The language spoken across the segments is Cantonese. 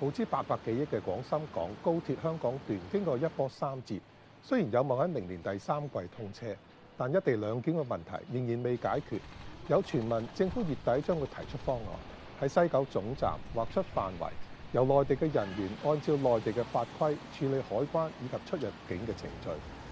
耗資八百幾億嘅廣深港高鐵香港段經過一波三折，雖然有望喺明年第三季通車，但一地兩檢嘅問題仍然未解決。有傳聞政府月底將會提出方案，喺西九總站劃出範圍，由內地嘅人員按照內地嘅法規處理海關以及出入境嘅程序。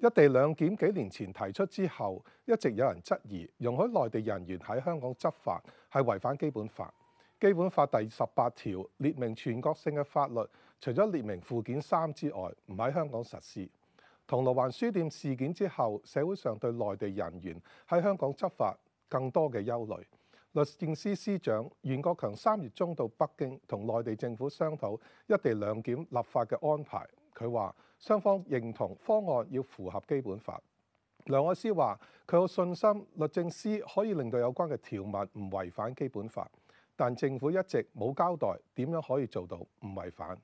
一地兩檢幾年前提出之後，一直有人質疑容許內地人員喺香港執法係違反基本法。基本法第十八條列明全國性嘅法律，除咗列明附件三之外，唔喺香港實施。銅鑼灣書店事件之後，社會上對內地人員喺香港執法更多嘅憂慮。律政司司長袁國強三月中到北京同內地政府商討一地兩檢立法嘅安排。佢話雙方認同方案要符合基本法。梁愛詩話：佢有信心律政司可以令到有關嘅條文唔違反基本法，但政府一直冇交代點樣可以做到唔違反。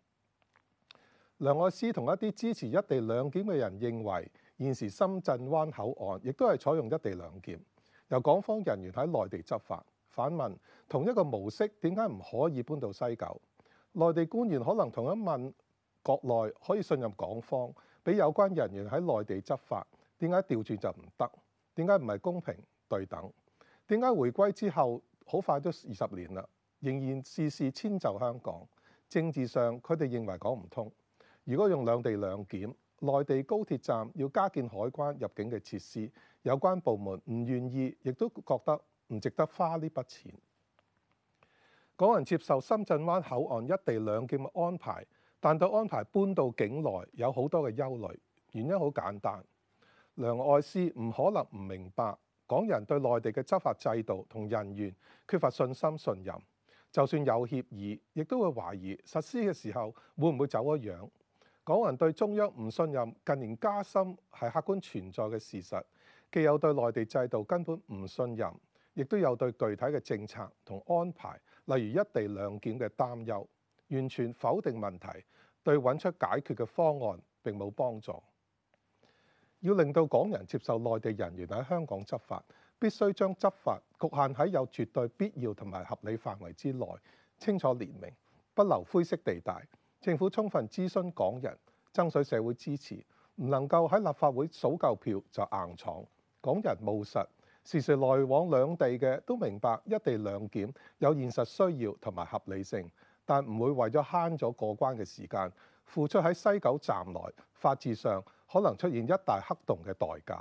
梁愛詩同一啲支持一地兩檢嘅人認為，現時深圳灣口岸亦都係採用一地兩檢，由港方人員喺內地執法。反問同一個模式，點解唔可以搬到西九？內地官員可能同一問。國內可以信任港方，俾有關人員喺內地執法，點解調轉就唔得？點解唔係公平對等？點解回歸之後好快都二十年啦，仍然事事遷就香港？政治上，佢哋認為講唔通。如果用兩地兩檢，內地高鐵站要加建海關入境嘅設施，有關部門唔願意，亦都覺得唔值得花呢筆錢。港人接受深圳灣口岸一地兩檢嘅安排。但對安排搬到境內有好多嘅憂慮，原因好簡單。梁愛詩唔可能唔明白港人對內地嘅執法制度同人員缺乏信心信任，就算有協議，亦都會懷疑實施嘅時候會唔會走咗樣。港人對中央唔信任近年加深係客觀存在嘅事實，既有對內地制度根本唔信任，亦都有對具體嘅政策同安排，例如一地兩檢嘅擔憂。完全否定問題，對揾出解決嘅方案並冇幫助。要令到港人接受內地人員喺香港執法，必須將執法局限喺有絕對必要同埋合理範圍之內，清楚列明，不留灰色地帶。政府充分諮詢港人，爭取社會支持，唔能夠喺立法會數夠票就硬闖。港人務實，時時來往兩地嘅都明白一地兩檢有現實需要同埋合理性。但唔會為咗慳咗過關嘅時間，付出喺西九站內法治上可能出現一大黑洞嘅代價。